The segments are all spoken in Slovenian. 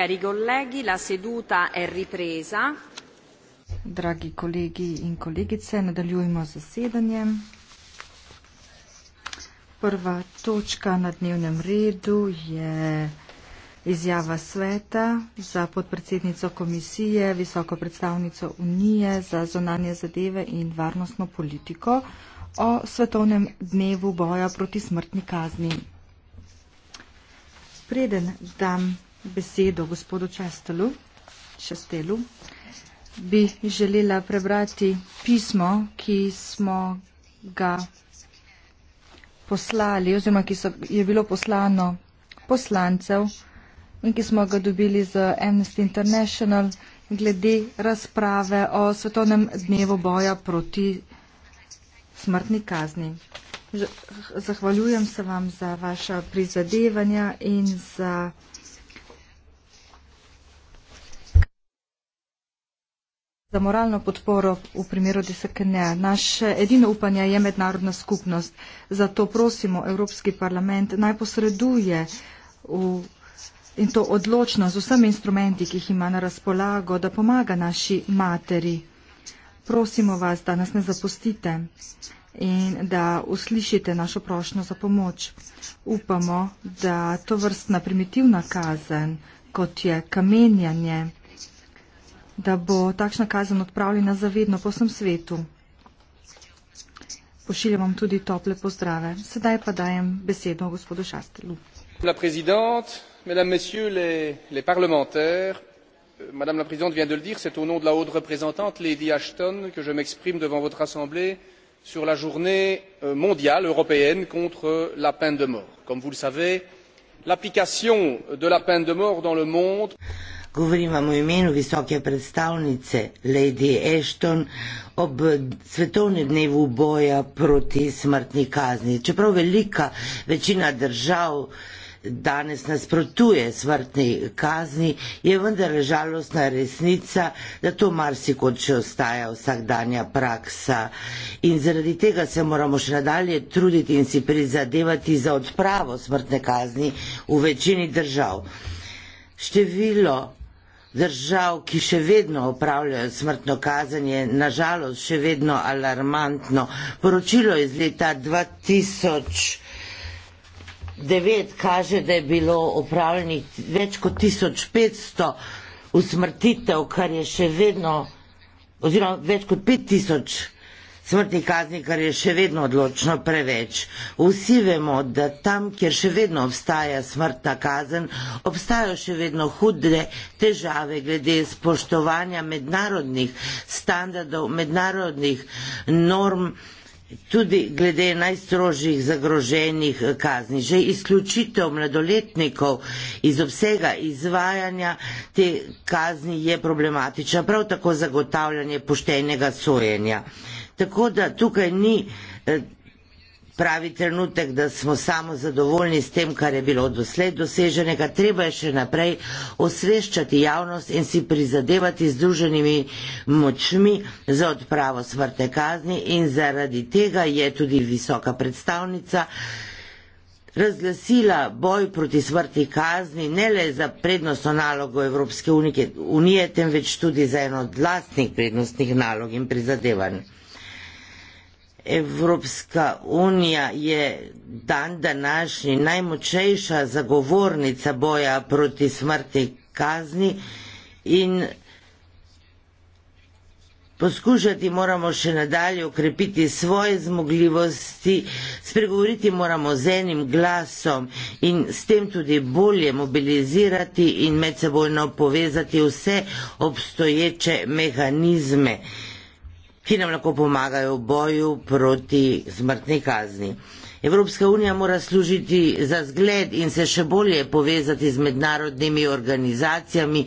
cari colleghi, la seduta è ripresa. Dragi colleghi in collegice, nadaljujmo z zasedanjem. Prva točka na dnevnem redu je izjava sveta za podpredsednico komisije, visoko predstavnico Unije za zonanje zadeve in varnostno politiko o svetovnem dnevu boja proti smrtni kazni. Preden dam besedo gospodu Čestelu, Šestelu, bi želela prebrati pismo, ki smo ga poslali oziroma ki so, je bilo poslano poslancev in ki smo ga dobili z Amnesty International glede razprave o svetovnem dnevu boja proti smrtni kazni. Zahvaljujem se vam za vaša prizadevanja in za za moralno podporo v primeru Desakene. Naše eh, edino upanje je mednarodna skupnost. Zato prosimo Evropski parlament naj posreduje v, in to odločno z vsemi instrumenti, ki jih ima na razpolago, da pomaga naši materi. Prosimo vas, da nas ne zapustite in da uslišite našo prošnjo za pomoč. Upamo, da to vrstna primitivna kazen, kot je kamenjanje, da bo takšna kazen odpravljena zavedno po vsem svetu. Pošiljam vam tudi tople pozdrave. Sedaj pa dajem besedo gospodu Šastelu. La présidente, mesdames, messieurs les, les parlementaires, euh, madame la présidente vient de le dire, c'est au nom de la haute représentante Lady Ashton que je m'exprime devant votre assemblée sur la journée euh, mondiale européenne contre la peine de mort. Comme vous le savez, l'application de la peine de mort dans le monde. Govorim vam o imenu visoke predstavnice Lady Ashton ob svetovnem dnevu boja proti smrtni kazni. Čeprav velika večina držav danes nasprotuje smrtni kazni, je vendar žalostna resnica, da to marsikot še ostaja vsakdanja praksa. In zaradi tega se moramo še nadalje truditi in si prizadevati za odpravo smrtne kazni v večini držav. Število držav, ki še vedno upravljajo smrtno kazanje, nažalost še vedno alarmantno. Poročilo iz leta 2000. Devet kaže, da je bilo upravljenih več kot 1500 usmrtitev, kar je še vedno, oziroma več kot 5000 usmrtitev smrtni kazni, kar je še vedno odločno preveč. Vsi vemo, da tam, kjer še vedno obstaja smrtna kazen, obstajajo še vedno hude težave glede spoštovanja mednarodnih standardov, mednarodnih norm, tudi glede najstrožjih zagroženih kazni. Že izključitev mladoletnikov iz obsega izvajanja te kazni je problematična, prav tako zagotavljanje poštenega sojenja. Tako da tukaj ni eh, pravi trenutek, da smo samo zadovoljni s tem, kar je bilo doslej doseženega. Treba je še naprej osveščati javnost in si prizadevati z druženimi močmi za odpravo smrte kazni in zaradi tega je tudi visoka predstavnica razglasila boj proti smrti kazni ne le za prednostno nalogo Evropske unije, temveč tudi za eno od lastnih prednostnih nalog in prizadevanj. Evropska unija je dan današnji najmočnejša zagovornica boja proti smrti kazni in poskušati moramo še nadalje ukrepiti svoje zmogljivosti, spregovoriti moramo z enim glasom in s tem tudi bolje mobilizirati in medsebojno povezati vse obstoječe mehanizme ki nam lahko pomagajo v boju proti smrtni kazni. Evropska unija mora služiti za zgled in se še bolje povezati z mednarodnimi organizacijami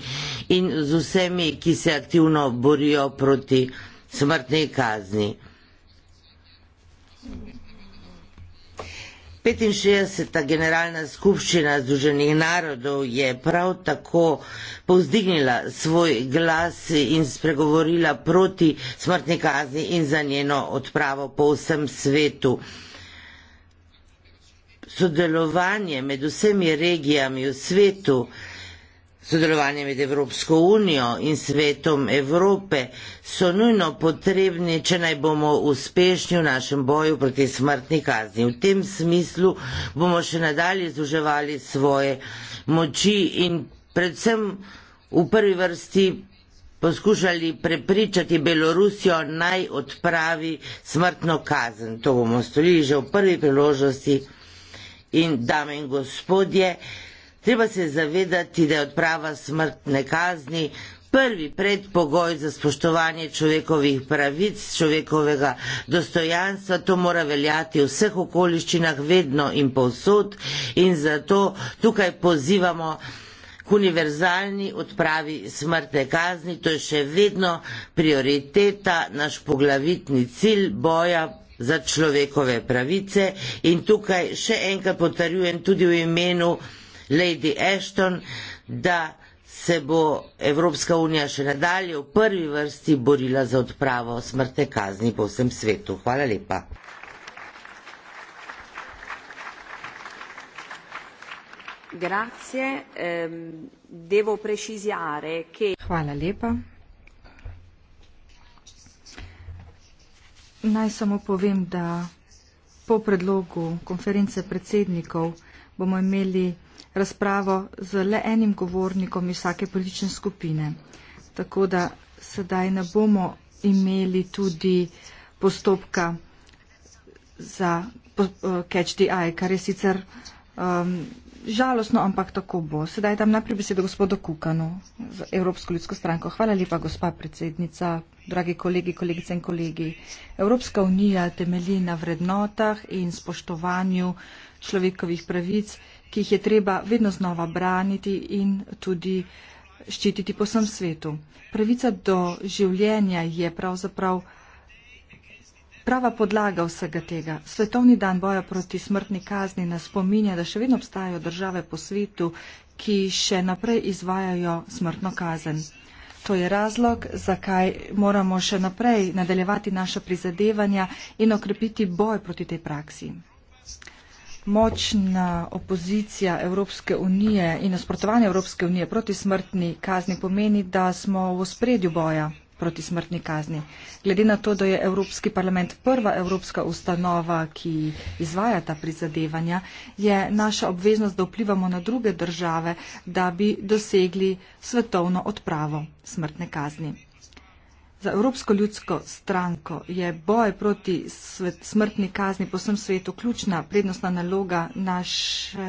in z vsemi, ki se aktivno borijo proti smrtni kazni. 65. generalna skupščina Združenih narodov je prav tako povzdignila svoj glas in spregovorila proti smrtni kazni in za njeno odpravo po vsem svetu. Sodelovanje med vsemi regijami v svetu Sodelovanje med Evropsko unijo in svetom Evrope so nujno potrebni, če naj bomo uspešni v našem boju proti smrtni kazni. V tem smislu bomo še nadalje zuževali svoje moči in predvsem v prvi vrsti poskušali prepričati Belorusijo naj odpravi smrtno kazen. To bomo storili že v prvi priložnosti in dame in gospodje. Treba se zavedati, da je odprava smrtne kazni prvi predpogoj za spoštovanje človekovih pravic, človekovega dostojanstva. To mora veljati v vseh okoliščinah, vedno in povsod. In zato tukaj pozivamo k univerzalni odpravi smrtne kazni. To je še vedno prioriteta, naš poglavitni cilj boja za človekove pravice. In tukaj še enkrat potrjujem tudi v imenu Lady Ashton, da se bo Evropska unija še nadalje v prvi vrsti borila za odpravo smrte kazni po vsem svetu. Hvala lepa. Grazie, ehm, devo precisare che... Hvala lepa. Naj samo povem, da po predlogu konference predsednikov bomo imeli razpravo z le enim govornikom iz vsake politične skupine. Tako da sedaj ne bomo imeli tudi postopka za eh, catch the eye, kar je sicer um, žalostno, ampak tako bo. Sedaj dam najprej besedo gospodu Kukanu z Evropsko ljudsko stranko. Hvala lepa, gospa predsednica, dragi kolegi, kolegice in kolegi. Evropska unija temelji na vrednotah in spoštovanju človekovih pravic ki jih je treba vedno znova braniti in tudi ščititi po vsem svetu. Pravica do življenja je pravzaprav prava podlaga vsega tega. Svetovni dan boja proti smrtni kazni nas spominja, da še vedno obstajajo države po svetu, ki še naprej izvajajo smrtno kazen. To je razlog, zakaj moramo še naprej nadaljevati naša prizadevanja in okrepiti boj proti tej praksi močna opozicija Evropske unije in nasprotovanje Evropske unije proti smrtni kazni pomeni, da smo v spredju boja proti smrtni kazni. Glede na to, da je Evropski parlament prva evropska ustanova, ki izvaja ta prizadevanja, je naša obveznost, da vplivamo na druge države, da bi dosegli svetovno odpravo smrtne kazni. Za Evropsko ljudsko stranko je boj proti svet, smrtni kazni po vsem svetu ključna prednostna naloga naše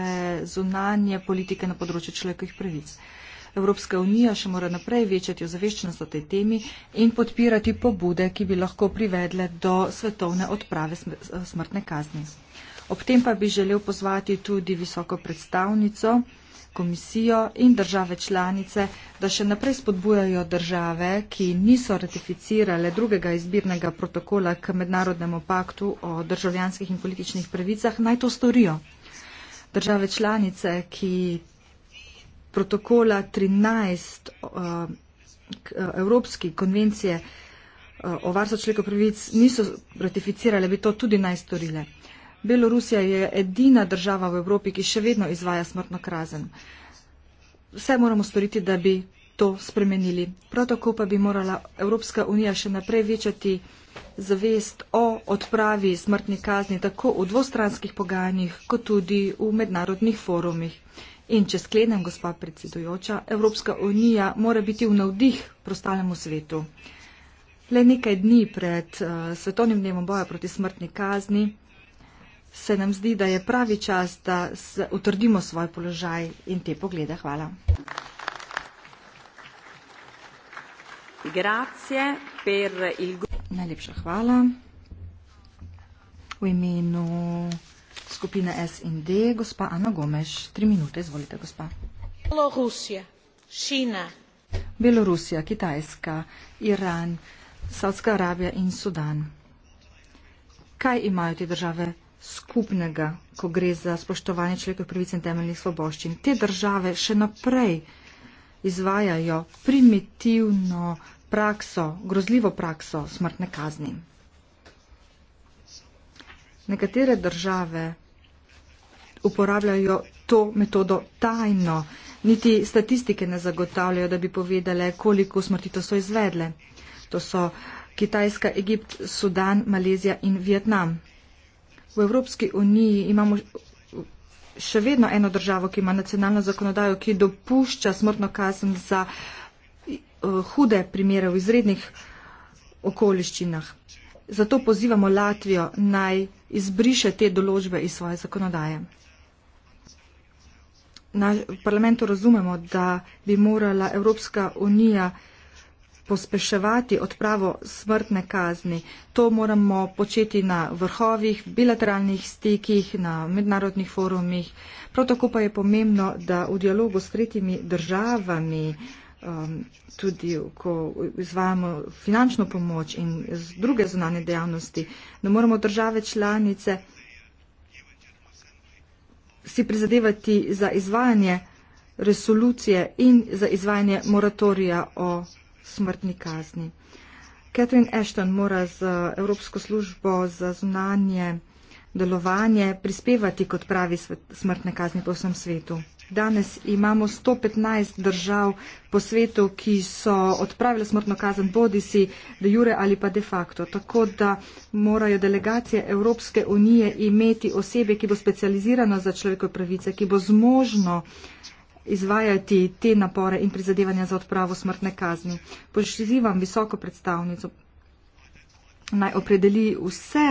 zunanje politike na področju človekovih pravic. Evropska unija še mora naprej večati ozaveščenost o tej temi in podpirati pobude, ki bi lahko privedle do svetovne odprave smrtne kazni. Ob tem pa bi želel pozvati tudi visoko predstavnico komisijo in države članice, da še naprej spodbujajo države, ki niso ratificirale drugega izbirnega protokola k mednarodnemu paktu o državljanskih in političnih pravicah, naj to storijo. Države članice, ki protokola 13 uh, k, uh, Evropske konvencije uh, o varstvu človekovih pravic niso ratificirale, bi to tudi naj storile. Belorusija je edina država v Evropi, ki še vedno izvaja smrtno krazen. Vse moramo storiti, da bi to spremenili. Prav tako pa bi morala Evropska unija še naprej večati zavest o odpravi smrtni kazni tako v dvostranskih pogajanjih, kot tudi v mednarodnih forumih. In če sklenem, gospa predsedujoča, Evropska unija mora biti v navdih prostalnemu svetu. Le nekaj dni pred uh, svetovnim dnevom boja proti smrtni kazni se nam zdi, da je pravi čas, da utrdimo svoj položaj in te poglede. Hvala. Per il... Najlepša hvala. V imenu skupine SND, gospa Ana Gomeš, tri minute, izvolite, gospa. Belorusija, Šina. Belorusija, Kitajska, Iran, Saudska Arabija in Sudan. Kaj imajo te države skupnega, ko gre za spoštovanje človekovih pravic in temeljnih svoboščin. Te države še naprej izvajajo primitivno prakso, grozljivo prakso smrtne kazni. Nekatere države uporabljajo to metodo tajno, niti statistike ne zagotavljajo, da bi povedale, koliko smrti to so izvedle. To so Kitajska, Egipt, Sudan, Malezija in Vietnam. V Evropski uniji imamo še vedno eno državo, ki ima nacionalno zakonodajo, ki dopušča smrtno kazen za eh, hude primere v izrednih okoliščinah. Zato pozivamo Latvijo naj izbriše te določbe iz svoje zakonodaje. Na parlamentu razumemo, da bi morala Evropska unija pospeševati odpravo smrtne kazni. To moramo početi na vrhovih, bilateralnih stikih, na mednarodnih forumih. Prav tako pa je pomembno, da v dialogu s tretjimi državami, um, tudi ko izvajamo finančno pomoč in druge zunane dejavnosti, da moramo države članice si prizadevati za izvajanje resolucije in za izvajanje moratorija o smrtni kazni. Catherine Ashton mora z eh, Evropsko službo za zunanje delovanje prispevati kot pravi smrtne kazni po vsem svetu. Danes imamo 115 držav po svetu, ki so odpravile smrtno kazen bodi si de jure ali pa de facto. Tako da morajo delegacije Evropske unije imeti osebe, ki bo specializirana za človekove pravice, ki bo zmožno izvajati te napore in prizadevanja za odpravo smrtne kazni. Pozivam visoko predstavnico naj opredeli vse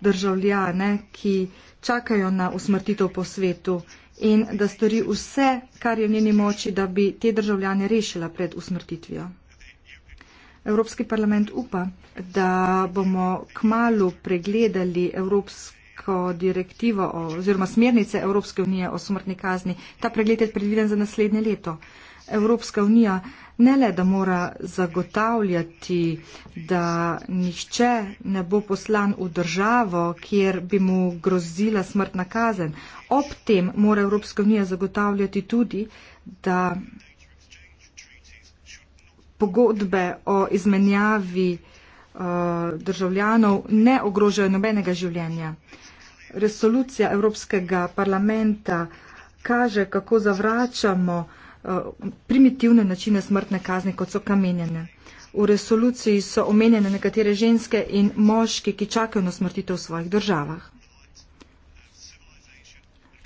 državljane, ki čakajo na usmrtitev po svetu in da stori vse, kar je v njeni moči, da bi te državljane rešila pred usmrtitvijo. Evropski parlament upa, da bomo kmalo pregledali evropsko preko direktivo oziroma smernice Evropske unije o smrtni kazni. Ta pregled je predviden za naslednje leto. Evropska unija ne le, da mora zagotavljati, da nihče ne bo poslan v državo, kjer bi mu grozila smrtna kazen. Ob tem mora Evropska unija zagotavljati tudi, da pogodbe o izmenjavi uh, državljanov ne ogrožajo nobenega življenja. Uh, resolucija Evropskega parlamenta kaže, kako zavračamo eh, primitivne načine smrtne kazni, kot so kamenjene. V resoluciji so omenjene nekatere ženske in moški, ki čakajo na smrtitev v svojih državah.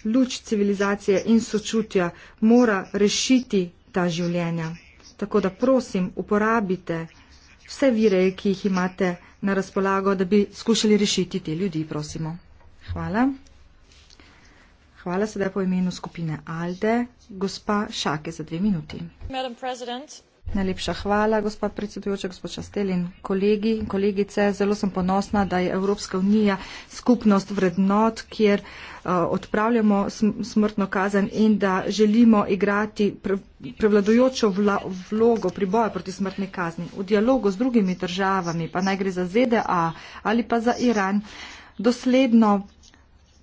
Luč civilizacije in sočutja mora rešiti ta življenja. Tako da prosim, uporabite vse vire, ki jih imate na razpolago, da bi skušali rešiti te ljudi, prosimo hvala. Hvala sedaj po imenu skupine Alde, gospa Šake za dve minuti. Najlepša hvala, gospa predsedujoča, gospod Šastelin, kolegi in kolegice. Zelo sem ponosna, da je Evropska unija skupnost vrednot, kjer uh, odpravljamo smrtno kazen in da želimo igrati prevladojočo vlogo pri boju proti smrtni kazni. V dialogu z drugimi državami, pa naj gre za ZDA ali pa za Iran, dosledno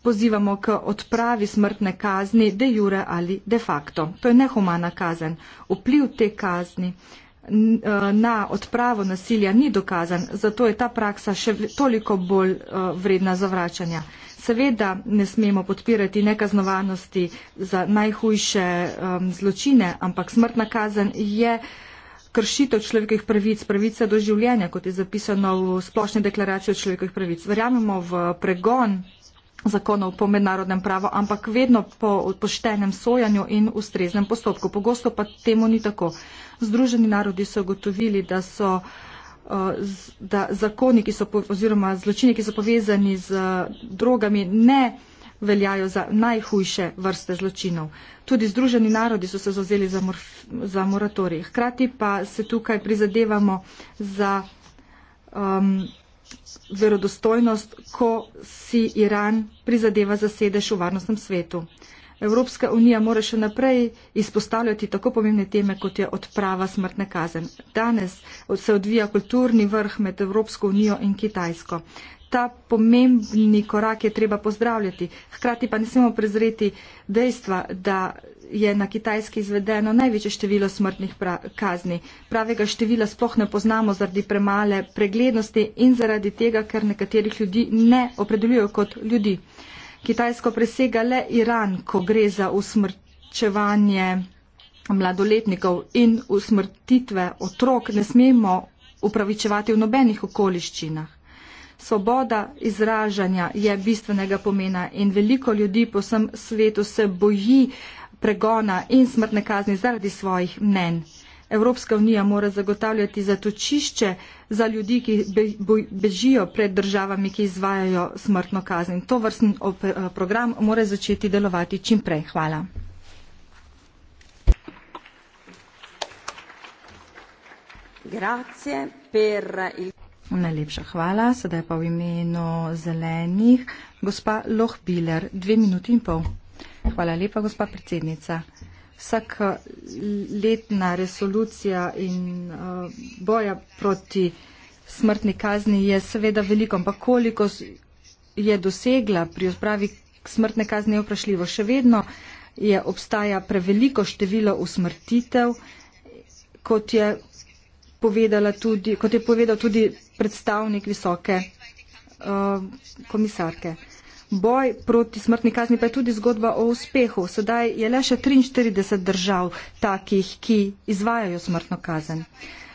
pozivamo k odpravi smrtne kazni de jure ali de facto. To je nehumana kazen. Vpliv te kazni e, na odpravo nasilja ni dokazan, zato je ta praksa še toliko bolj e, vredna zavračanja. Seveda ne smemo podpirati nekaznovanosti za najhujše e, zločine, ampak smrtna kazen je kršitev človekovih pravic, pravica do življenja, kot je zapisano v splošni deklaraciji o človekovih pravic. Verjamemo v pregon zakonov po mednarodnem pravu, ampak vedno po poštenem sojanju in ustreznem postopku. Pogosto pa temu ni tako. Združeni narodi so ugotovili, da so eh, da zakoni, ki so oziroma zločini, ki so povezani z eh, drogami, ne veljajo za najhujše vrste zločinov. Tudi Združeni narodi so se zauzeli za, mor, za moratorij. Hkrati pa se tukaj prizadevamo za um, verodostojnost, ko si Iran prizadeva za sedež v varnostnem svetu. Evropska unija mora še naprej izpostavljati tako pomembne teme, kot je odprava smrtne kazen. Danes se odvija kulturni vrh med Evropsko unijo in Kitajsko. Ta pomembni korak je treba pozdravljati. Hkrati pa ne smemo prezreti dejstva, da je na Kitajski izvedeno največje število smrtnih pra kazni. Pravega števila sploh ne poznamo zaradi premale preglednosti in zaradi tega, ker nekaterih ljudi ne opredeljujejo kot ljudi. Kitajsko presega le Iran, ko gre za usmrčevanje mladoletnikov in usmrtitve otrok, ne smemo upravičevati v nobenih okoliščinah. Svoboda izražanja je bistvenega pomena in veliko ljudi po vsem svetu se boji uh, pregona in smrtne kazni zaradi svojih mnen. Evropska unija mora zagotavljati zatočišče za ljudi, ki bežijo pred državami, ki izvajajo smrtno kazen. To vrstni eh, program mora začeti delovati čim prej. Hvala. Najlepša hvala. Sedaj pa v imenu zelenih gospa Lohbiler. Dve minuti in pol. Hvala lepa, gospa predsednica. Vsak eh, letna resolucija in eh, boja proti smrtni kazni je seveda veliko, ampak koliko je dosegla pri odpravi smrtne kazni je vprašljivo. Še vedno je obstaja preveliko število usmrtitev, kot je, tudi, kot je povedal tudi predstavnik visoke uh, komisarke boj proti smrtni kazni pa je tudi zgodba o uspehu. Sedaj je le še 43 držav takih, ki izvajajo smrtno kazen.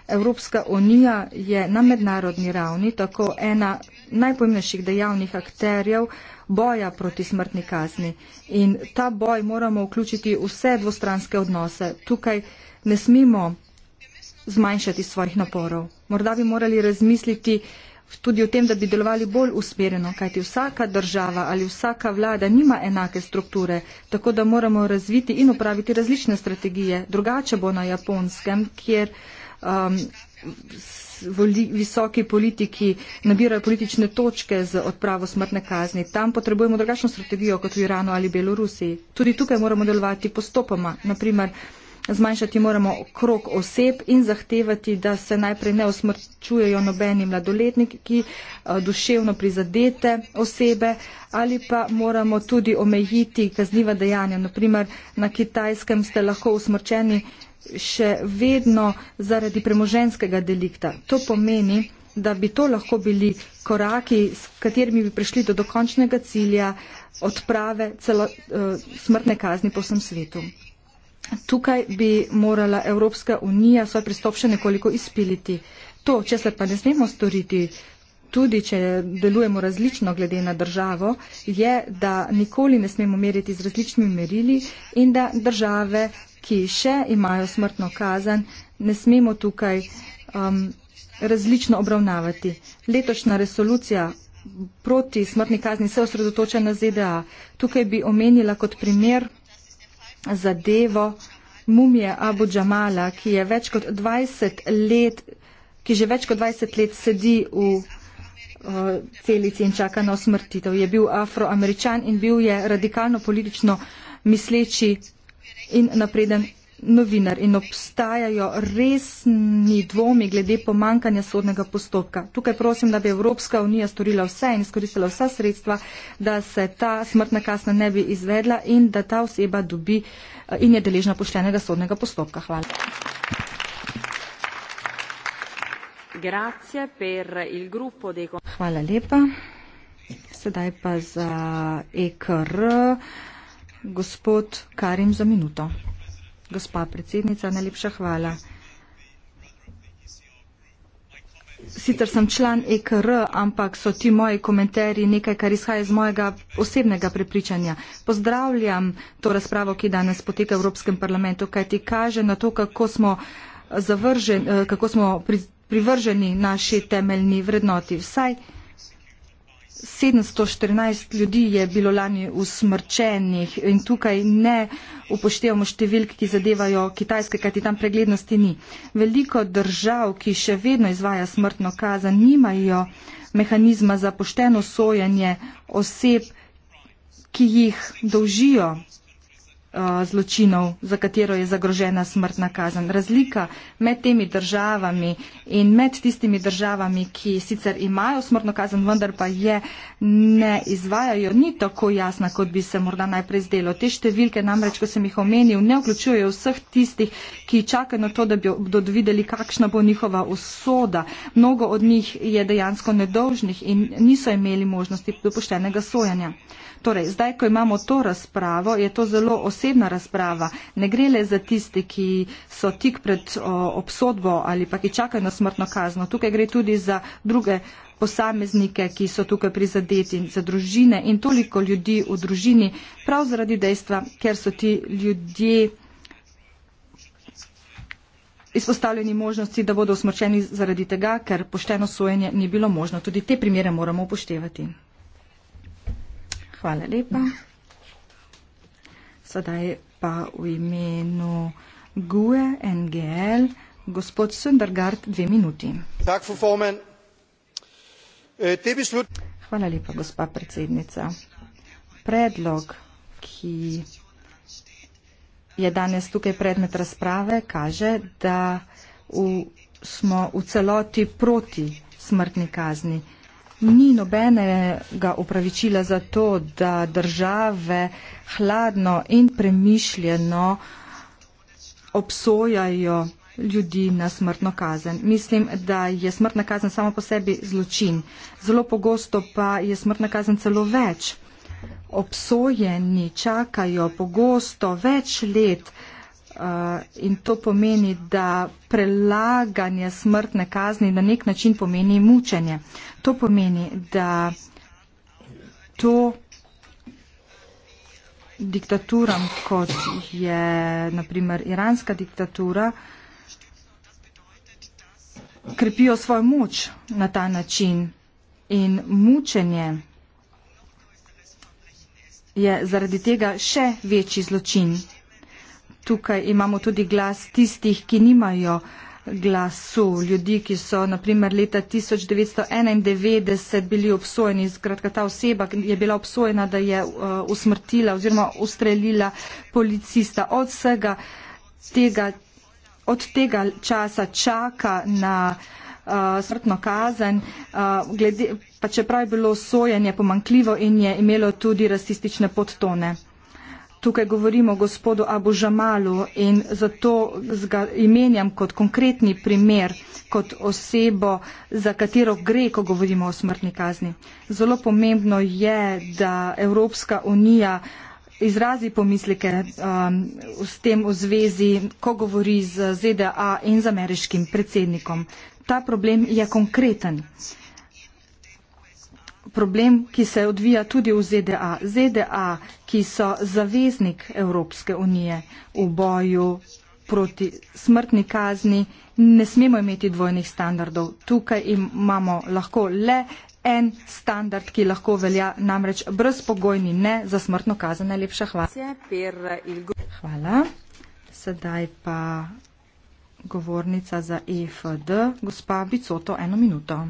Evropska unija je na mednarodni ravni tako ena najpomembnejših dejavnih akterjev boja proti smrtni kazni. In ta boj moramo vključiti vse dvostranske odnose. Tukaj ne smemo zmanjšati svojih naporov. Morda bi morali razmisliti, tudi o tem, da bi delovali bolj usmerjeno, kajti vsaka država ali vsaka vlada nima enake strukture, tako da moramo razviti in upraviti različne strategije. Drugače bo na japonskem, kjer um, visoki politiki nabirajo politične točke z odpravo smrtne kazni. Tam potrebujemo drugačno strategijo kot v Iranu ali Belorusiji. Tudi tukaj moramo delovati postopoma. Naprimer, zmanjšati moramo krok oseb in zahtevati, da se najprej ne osmrčujejo nobeni mladoletniki, eh, duševno prizadete osebe ali pa moramo tudi omejiti kazniva dejanja. Naprimer, na kitajskem ste lahko usmrčeni še vedno zaradi premoženskega delikta. To pomeni, da bi to lahko bili koraki, s katerimi bi prišli do dokončnega cilja odprave celo, uh, smrtne kazni po vsem svetu tukaj bi morala Evropska unija svoj pristop še nekoliko izpiliti. To, če se pa ne smemo storiti, tudi če delujemo različno glede na državo, je, da nikoli ne smemo meriti z različnimi merili in da države, ki še imajo smrtno kazen, ne smemo tukaj um, različno obravnavati. Letošnja resolucija proti smrtni kazni se osredotoča na ZDA. Tukaj bi omenila kot primer zadevo mumije Abu Džamala, ki, je več kot 20 let, ki že več kot 20 let sedi v eh, celici in čaka na osmrtitev. Je bil afroameričan in bil je radikalno politično misleči in napreden novinar in obstajajo resni dvomi glede pomankanja sodnega postopka. Tukaj prosim, da bi Evropska unija storila vse in izkoristila vsa sredstva, da se ta smrtna kasna ne bi izvedla in da ta oseba dobi eh, in je deležna poštenega sodnega postopka. Hvala. Hvala lepa. Sedaj pa za EKR. Gospod Karim za minuto. Gospa predsednica, najlepša hvala. Sicer sem član EKR, ampak so ti moji komentarji nekaj, kar izhaja iz mojega osebnega prepričanja. Pozdravljam to razpravo, ki danes poteka v Evropskem parlamentu, kaj ti kaže na to, kako smo, zavržen, eh, kako smo pri, privrženi naši temeljni vrednoti. Vsaj 714 ljudi je bilo lani usmrčenih in tukaj ne upoštevamo številk, ki zadevajo Kitajske, kajti tam preglednosti ni. Veliko držav, ki še vedno izvaja smrtno kazen, nimajo mehanizma za pošteno sojenje oseb, ki jih dolžijo Eh, zločinov, za katero je zagrožena smrtna kazen. Razlika med temi državami in med tistimi državami, ki sicer imajo smrtno kazen, vendar pa je ne izvajajo, ni tako jasna, kot bi se morda najprej zdelo. Te številke namreč, ko sem jih omenil, ne vključujejo vseh tistih, ki čakajo na to, da bi dodvideli, kakšna bo njihova usoda. Mnogo od njih je dejansko nedolžnih in niso imeli možnosti dopuštenega sojanja. Torej, zdaj, ko imamo to razpravo, je to zelo osebna razprava. Ne gre le za tisti, ki so tik pred o, obsodbo ali pa ki čakajo na smrtno kazno. Tukaj gre tudi za druge posameznike, ki so tukaj prizadeti, za družine in toliko ljudi v družini, prav zaradi dejstva, ker so ti ljudje izpostavljeni možnosti, da bodo usmrčeni zaradi tega, ker pošteno sojenje ni bilo možno. Tudi te primere moramo upoštevati. Hvala lepa. Sedaj pa v imenu GUE NGL, gospod Sundergard, dve minuti. Tak, øh, er Hvala lepa, gospa predsednica. Predlog, ki je danes tukaj predmet razprave, kaže, da v, smo v celoti proti smrtni kazni ni nobenega upravičila za to, da države hladno in premišljeno obsojajo ljudi na smrtno kazen. Mislim, da je smrtna kazen samo po sebi zločin. Zelo pogosto pa je smrtna kazen celo več. Obsojeni čakajo pogosto več let uh, Eh, in to pomeni, da prelaganje smrtne kazni na nek način pomeni mučenje. To pomeni, da to diktaturam, kot je naprimer iranska diktatura, krepijo svojo moč na ta način in mučenje je zaradi tega še večji zločin tukaj imamo tudi glas tistih, ki nimajo glasu, ljudi, ki so naprimer leta 1991 bili obsojeni, skratka ta oseba je bila obsojena, da je uh, usmrtila oziroma ustrelila policista. Od vsega tega, od tega časa čaka na uh, smrtno kazen, uh, glede, pa čeprav je bilo sojenje pomankljivo in je imelo tudi rasistične podtone. Tukaj govorimo o gospodu Abu Žamalu in zato ga imenjam kot konkretni primer, kot osebo, za katero gre, ko govorimo o smrtni kazni. Zelo pomembno je, da Evropska unija izrazi pomislike um, s tem v zvezi, ko govori z ZDA in z ameriškim predsednikom. Ta problem je konkreten problem, ki se odvija tudi v ZDA. ZDA, ki so zaveznik Evropske unije v boju proti smrtni kazni, ne smemo imeti dvojnih standardov. Tukaj imamo lahko le en standard, ki lahko velja, namreč brezpogojni ne za smrtno kazen. Najlepša hvala. Hvala. Sedaj pa govornica za EFD, gospa Bicoto, eno minuto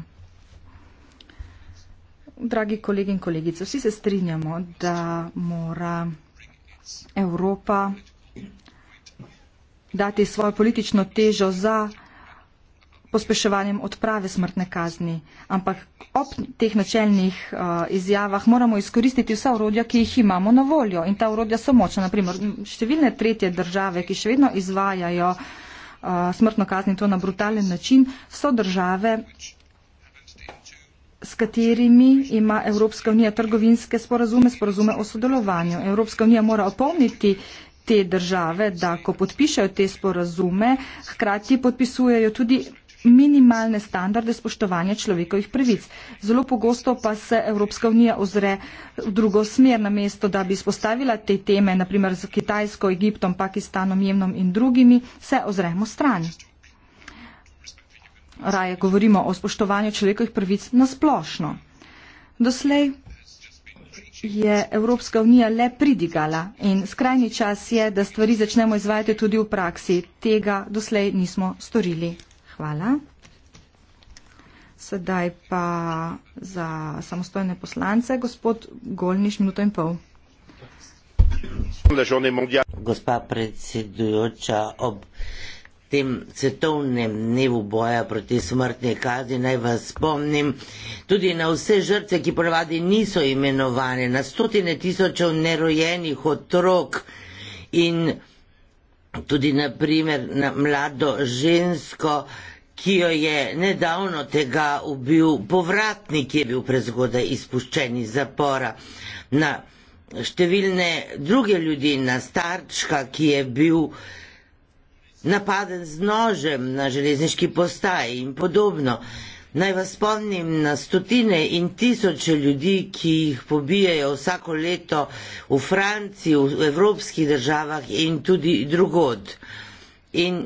dragi kolegi in kolegice, vsi se strinjamo, da mora Evropa dati svojo politično težo za pospeševanjem odprave smrtne kazni. Ampak ob teh načelnih uh, izjavah moramo izkoristiti vsa urodja, ki jih imamo na voljo. In ta urodja so močna. Naprimer, številne tretje države, ki še vedno izvajajo uh, smrtno kazni to na brutalen način, so države, s katerimi ima Evropska unija trgovinske sporazume, sporazume o sodelovanju. Evropska unija mora opomniti te države, da ko podpišajo te sporazume, hkrati podpisujejo tudi minimalne standarde spoštovanja človekovih pravic. Zelo pogosto pa se Evropska unija ozre v drugo smer, namesto da bi spostavila te teme, naprimer z Kitajsko, Egiptom, Pakistanom, Jemnom in drugimi, se ozremo stran raje govorimo o spoštovanju človekovih pravic na splošno. Doslej je Evropska unija le pridigala in skrajni čas je, da stvari začnemo izvajati tudi v praksi. Tega doslej nismo storili. Hvala. Sedaj pa za samostojne poslance, gospod Golniš, minuto in pol. Gospa predsedujoča, ob tem svetovnem dnevu boja proti smrtni kazni naj vas spomnim tudi na vse žrtve, ki ponavadi niso imenovane, na stotine tisočev nerojenih otrok in tudi naprimer na mlado žensko, ki jo je nedavno tega ubil povratnik, ki je bil prezgodaj izpuščen iz zapora. Na številne druge ljudi, na starčka, ki je bil napaden z nožem na železniški postaji in podobno. Naj vas spomnim na stotine in tisoče ljudi, ki jih pobijajo vsako leto v Franciji, v evropskih državah in tudi drugod. In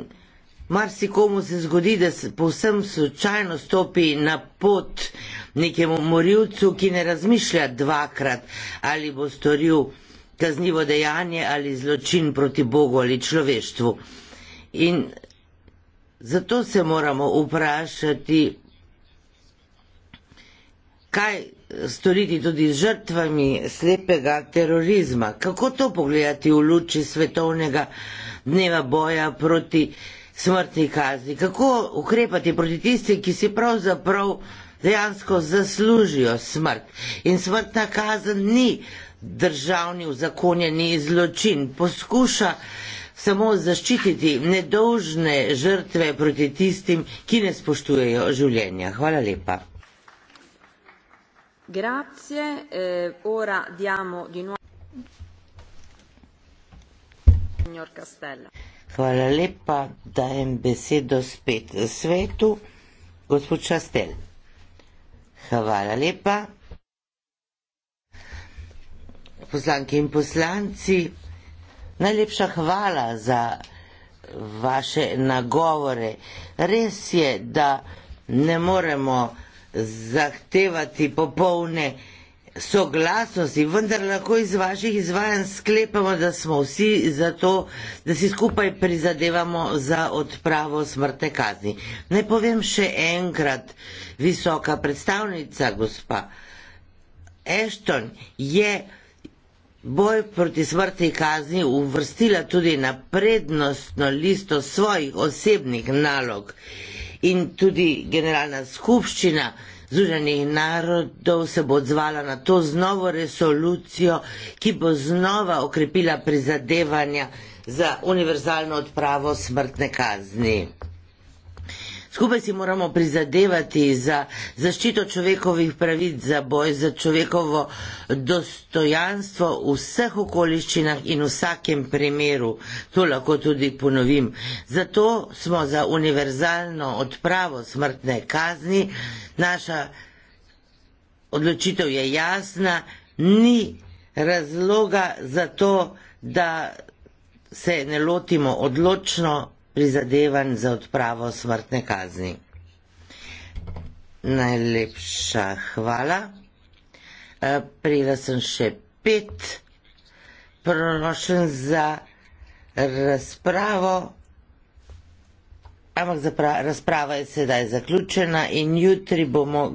marsikomu se zgodi, da se povsem slučajno stopi na pot nekemu morilcu, ki ne razmišlja dvakrat, ali bo storil kaznivo dejanje ali zločin proti Bogu ali človeštvu. In zato se moramo vprašati, kaj storiti tudi z žrtvami slepega terorizma. Kako to pogledati v luči svetovnega dneva boja proti smrtni kazni? Kako ukrepati proti tistim, ki si pravzaprav dejansko zaslužijo smrt? In smrtna kazen ni državni, uzakonjeni zločin. Poskuša samo zaščititi nedolžne žrtve proti tistim, ki ne spoštujejo življenja. Hvala lepa. Grazie, eh, ora diamo di nuovo. Hvala lepa, dajem besedo spet svetu. Gospod Častel. Hvala lepa. Poslanke in poslanci, Najlepša hvala za vaše nagovore. Res je, da ne moremo zahtevati popolne soglasnosti, vendar lahko iz vaših izvajanj sklepamo, da smo vsi za to, da si skupaj prizadevamo za odpravo smrte kazni. Ne povem še enkrat, visoka predstavnica gospa Ešton je boj proti smrti kazni uvrstila tudi na prednostno listo svojih osebnih nalog in tudi generalna skupščina Združenih narodov se bo odzvala na to z novo resolucijo, ki bo znova okrepila prizadevanja za univerzalno odpravo smrtne kazni. Skupaj si moramo prizadevati za zaščito človekovih pravic, za boj za človekovo dostojanstvo v vseh okoliščinah in v vsakem primeru. To lahko tudi ponovim. Zato smo za univerzalno odpravo smrtne kazni. Naša odločitev je jasna. Ni razloga za to, da se ne lotimo odločno prizadevanj za odpravo smrtne kazni. Najlepša hvala. E, Prijela sem še pet prorošen za razpravo. Ampak razprava je sedaj zaključena in jutri bomo.